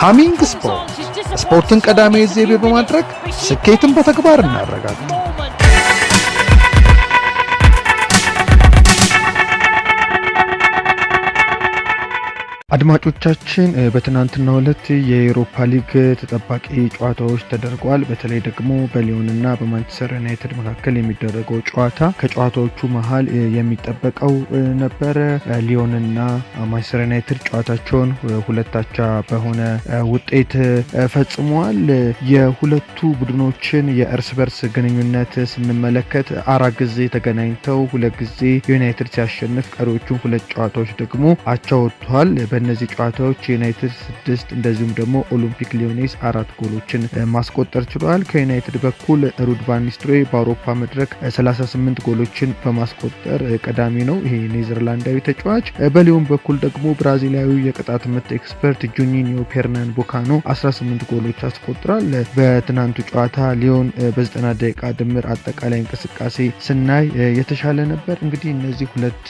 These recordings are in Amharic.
ሃሚንግ ስፖርት ስፖርትን ቀዳሚ ዘይቤ በማድረግ ስኬትን በተግባር እናረጋግጥ። አድማጮቻችን በትናንትናው ዕለት የኤሮፓ ሊግ ተጠባቂ ጨዋታዎች ተደርጓል። በተለይ ደግሞ በሊዮንና በማንቸስተር ዩናይትድ መካከል የሚደረገው ጨዋታ ከጨዋታዎቹ መሀል የሚጠበቀው ነበረ። ሊዮንና ማንቸስተር ዩናይትድ ጨዋታቸውን ሁለታቻ በሆነ ውጤት ፈጽመዋል። የሁለቱ ቡድኖችን የእርስ በርስ ግንኙነት ስንመለከት አራት ጊዜ ተገናኝተው ሁለት ጊዜ ዩናይትድ ሲያሸንፍ፣ ቀሪዎቹን ሁለት ጨዋታዎች ደግሞ አቻ ወጥቷል። በእነዚህ ጨዋታዎች ዩናይትድ ስድስት እንደዚሁም ደግሞ ኦሎምፒክ ሊዮኔስ አራት ጎሎችን ማስቆጠር ችሏል። ከዩናይትድ በኩል ሩድ ቫን በአውሮፓ መድረክ 38 ጎሎችን በማስቆጠር ቀዳሚ ነው፣ ይሄ ኔዘርላንዳዊ ተጫዋች። በሊዮን በኩል ደግሞ ብራዚላዊ የቅጣት ምት ኤክስፐርት ጁኒኒዮ ፔርናን ቦካኖ 18 ጎሎች አስቆጥሯል። በትናንቱ ጨዋታ ሊዮን በ90 ደቂቃ ድምር አጠቃላይ እንቅስቃሴ ስናይ የተሻለ ነበር። እንግዲህ እነዚህ ሁለት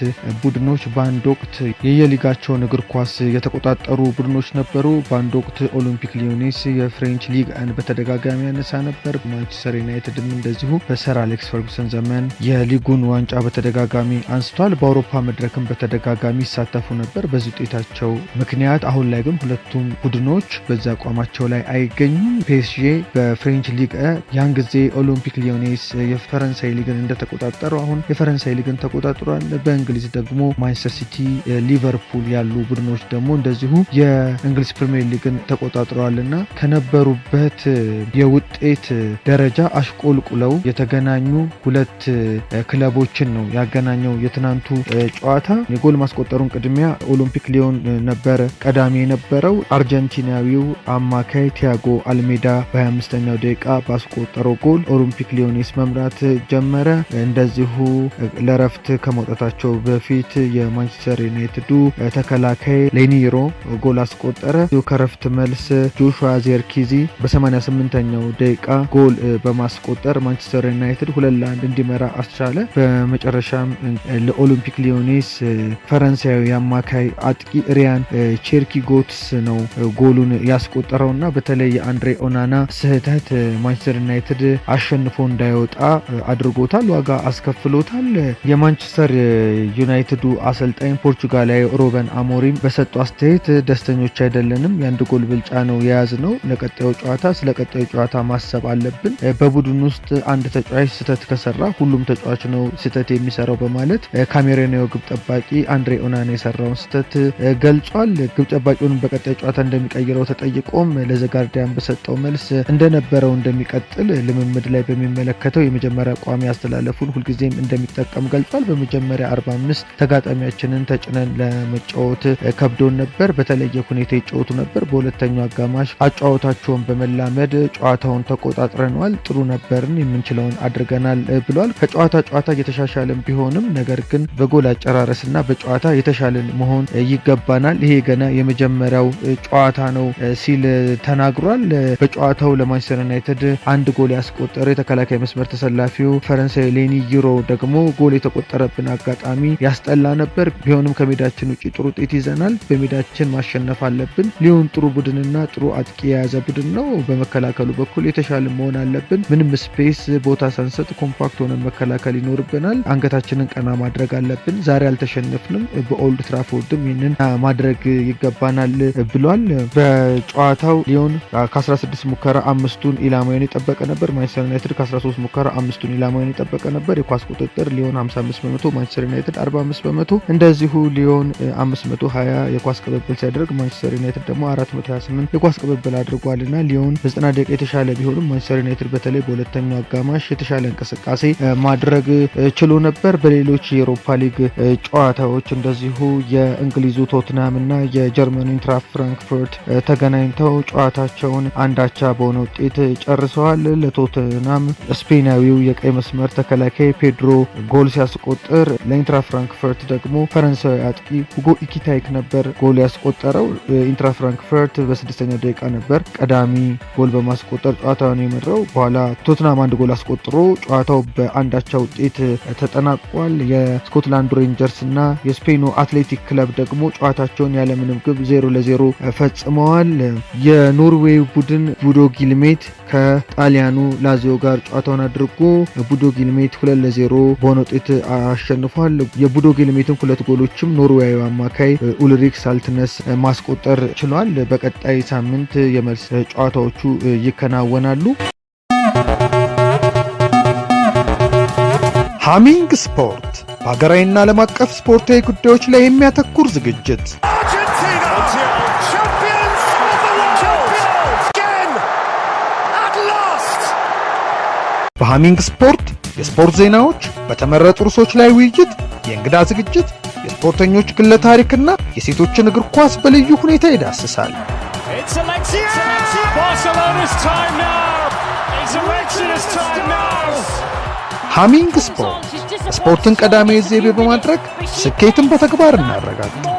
ቡድኖች በአንድ ወቅት የየሊጋቸውን እግር ኳስ የተቆጣጠሩ ቡድኖች ነበሩ። በአንድ ወቅት ኦሎምፒክ ሊዮኔስ የፍሬንች ሊግ አንድ በተደጋጋሚ ያነሳ ነበር። ማንቸስተር ዩናይትድም እንደዚሁ በሰር አሌክስ ፈርጉሰን ዘመን የሊጉን ዋንጫ በተደጋጋሚ አንስቷል። በአውሮፓ መድረክም በተደጋጋሚ ይሳተፉ ነበር። በዚህ ውጤታቸው ምክንያት አሁን ላይ ግን ሁለቱም ቡድኖች በዚ አቋማቸው ላይ አይገኙም። ፔስዤ በፍሬንች ሊግ ያን ጊዜ ኦሎምፒክ ሊዮኔስ የፈረንሳይ ሊግን እንደተቆጣጠሩ አሁን የፈረንሳይ ሊግን ተቆጣጥሯል። በእንግሊዝ ደግሞ ማንቸስተር ሲቲ፣ ሊቨርፑል ያሉ ቡድኖች ደግሞ እንደዚሁ የእንግሊዝ ፕሪምየር ሊግን ተቆጣጥረዋል ከነበሩበት የውጤት ደረጃ አሽቆልቁለው የተገናኙ ሁለት ክለቦችን ነው ያገናኘው የትናንቱ ጨዋታ። የጎል ማስቆጠሩን ቅድሚያ ኦሎምፒክ ሊዮን ነበረ ቀዳሚ የነበረው። አርጀንቲናዊው አማካይ ቲያጎ አልሜዳ በ25ኛው ደቂቃ ባስቆጠረው ጎል ኦሎምፒክ ሊዮኔስ መምራት ጀመረ። እንደዚሁ ለረፍት ከመውጣታቸው በፊት የማንቸስተር ዩናይትዱ ተከላካይ ሌኒሮ ጎል አስቆጠረ። ከረፍት መልስ ጆሹዋ ዜርኪዚ በ88ኛው ደቂቃ ጎል በማስቆጠር ማንቸስተር ዩናይትድ ሁለት ለአንድ እንዲመራ አስቻለ። በመጨረሻም ለኦሎምፒክ ሊዮኔስ ፈረንሳያዊ አማካይ አጥቂ ሪያን ጎትስ ነው ጎሉን ያስቆጠረው እና በተለይ የአንድሬ ኦናና ስህተት ማንቸስተር ዩናይትድ አሸንፎ እንዳይወጣ አድርጎታል፣ ዋጋ አስከፍሎታል። የማንቸስተር ዩናይትዱ አሰልጣኝ ፖርቹጋላዊ ሮበን አሞሪም በሰ በሰጡ አስተያየት ደስተኞች አይደለንም፣ የአንድ ጎል ብልጫ ነው የያዝ ነው። ለቀጣዩ ጨዋታ ስለ ቀጣዩ ጨዋታ ማሰብ አለብን። በቡድን ውስጥ አንድ ተጫዋች ስህተት ከሰራ ሁሉም ተጫዋች ነው ስህተት የሚሰራው በማለት ካሜሮናዊ ግብ ጠባቂ አንድሬ ኦናና የሰራውን ስህተት ገልጿል። ግብ ጠባቂውን በቀጣይ ጨዋታ እንደሚቀይረው ተጠይቆም ለዘጋርዲያን በሰጠው መልስ እንደነበረው እንደሚቀጥል ልምምድ ላይ በሚመለከተው የመጀመሪያ ቋሚ አስተላለፉን ሁልጊዜም እንደሚጠቀም ገልጿል። በመጀመሪያ 45 ተጋጣሚያችንን ተጭነን ለመጫወት ከ ወዶን ነበር። በተለየ ሁኔታ ይጫወቱ ነበር። በሁለተኛው አጋማሽ አጫዋታቸውን በመላመድ ጨዋታውን ተቆጣጥረነዋል፣ ጥሩ ነበርን፣ የምንችለውን አድርገናል ብሏል። ከጨዋታ ጨዋታ እየተሻሻለን ቢሆንም ነገር ግን በጎል አጨራረስና በጨዋታ የተሻለን መሆን ይገባናል፣ ይሄ ገና የመጀመሪያው ጨዋታ ነው ሲል ተናግሯል። በጨዋታው ለማንቸስተር ዩናይትድ አንድ ጎል ያስቆጠረ የተከላካይ መስመር ተሰላፊው ፈረንሳዊ ሌኒ ዩሮ ደግሞ ጎል የተቆጠረብን አጋጣሚ ያስጠላ ነበር። ቢሆንም ከሜዳችን ውጭ ጥሩ ውጤት ይዘናል። በሜዳችን ማሸነፍ አለብን። ሊሆን ጥሩ ቡድንና ጥሩ አጥቂ የያዘ ቡድን ነው። በመከላከሉ በኩል የተሻለ መሆን አለብን። ምንም ስፔስ ቦታ ሳንሰጥ ኮምፓክት ሆነን መከላከል ይኖርብናል። አንገታችንን ቀና ማድረግ አለብን። ዛሬ አልተሸነፍንም፣ በኦልድ ትራፎርድም ይህንን ማድረግ ይገባናል ብሏል። በጨዋታው ሊዮን ከ16 ሙከራ አምስቱን ኢላማውን የጠበቀ ነበር። ማንቸስተር ዩናይትድ ከ13 ሙከራ አምስቱን ኢላማውን የጠበቀ ነበር። የኳስ ቁጥጥር ሊዮን 55 በመቶ፣ ማንቸስተር ዩናይትድ 45 በመቶ። እንደዚሁ ሊዮን 520 የኳስ ቅብብል ሲያደርግ ማንቸስተር ዩናይትድ ደግሞ 428 የኳስ ቅብብል አድርጓል ና ሊዮን በዘጠና ደቂቃ የተሻለ ቢሆንም ማንቸስተር ዩናይትድ በተለይ በሁለተኛው አጋማሽ የተሻለ እንቅስቃሴ ማድረግ ችሎ ነበር። በሌሎች የአውሮፓ ሊግ ጨዋታዎች እንደዚሁ የእንግሊዙ ቶትናም ና የጀርመኑ ኢንትራ ፍራንክፉርት ተገናኝተው ጨዋታቸውን አንዳቻ በሆነ ውጤት ጨርሰዋል። ለቶትናም ስፔናዊው የቀይ መስመር ተከላካይ ፔድሮ ጎል ሲያስቆጥር፣ ለኢንትራ ፍራንክፉርት ደግሞ ፈረንሳዊ አጥቂ ሁጎ ኢኪታይክ ነበር ነበር ጎል ያስቆጠረው። ኢንትራ ፍራንክፈርት በስድስተኛው ደቂቃ ነበር ቀዳሚ ጎል በማስቆጠር ጨዋታውን የመራው። በኋላ ቶትናም አንድ ጎል አስቆጥሮ ጨዋታው በአንዳቻ ውጤት ተጠናቋል። የስኮትላንዱ ሬንጀርስ እና የስፔኑ አትሌቲክ ክለብ ደግሞ ጨዋታቸውን ያለምንም ግብ ዜሮ ለዜሮ ፈጽመዋል። የኖርዌይ ቡድን ቡዶ ጊልሜት ከጣሊያኑ ላዚዮ ጋር ጨዋታውን አድርጎ ቡዶ ጊልሜት ሁለት ለዜሮ በሆነ ውጤት አሸንፏል። የቡዶ ጊልሜትን ሁለት ጎሎችም ኖርዌያዊ አማካይ ኡልሪክ ኦሌክ ሳልትነስ ማስቆጠር ችሏል። በቀጣይ ሳምንት የመልስ ጨዋታዎቹ ይከናወናሉ። ሃሚንግ ስፖርት በሀገራዊና ዓለም አቀፍ ስፖርታዊ ጉዳዮች ላይ የሚያተኩር ዝግጅት በሃሚንግ ስፖርት የስፖርት ዜናዎች፣ በተመረጡ ርዕሶች ላይ ውይይት፣ የእንግዳ ዝግጅት የስፖርተኞች ግለ ታሪክና የሴቶችን እግር ኳስ በልዩ ሁኔታ ይዳስሳል። ሃሚንግ ስፖርት ስፖርትን ቀዳሚ ዘይቤ በማድረግ ስኬትን በተግባር እናረጋግጥ።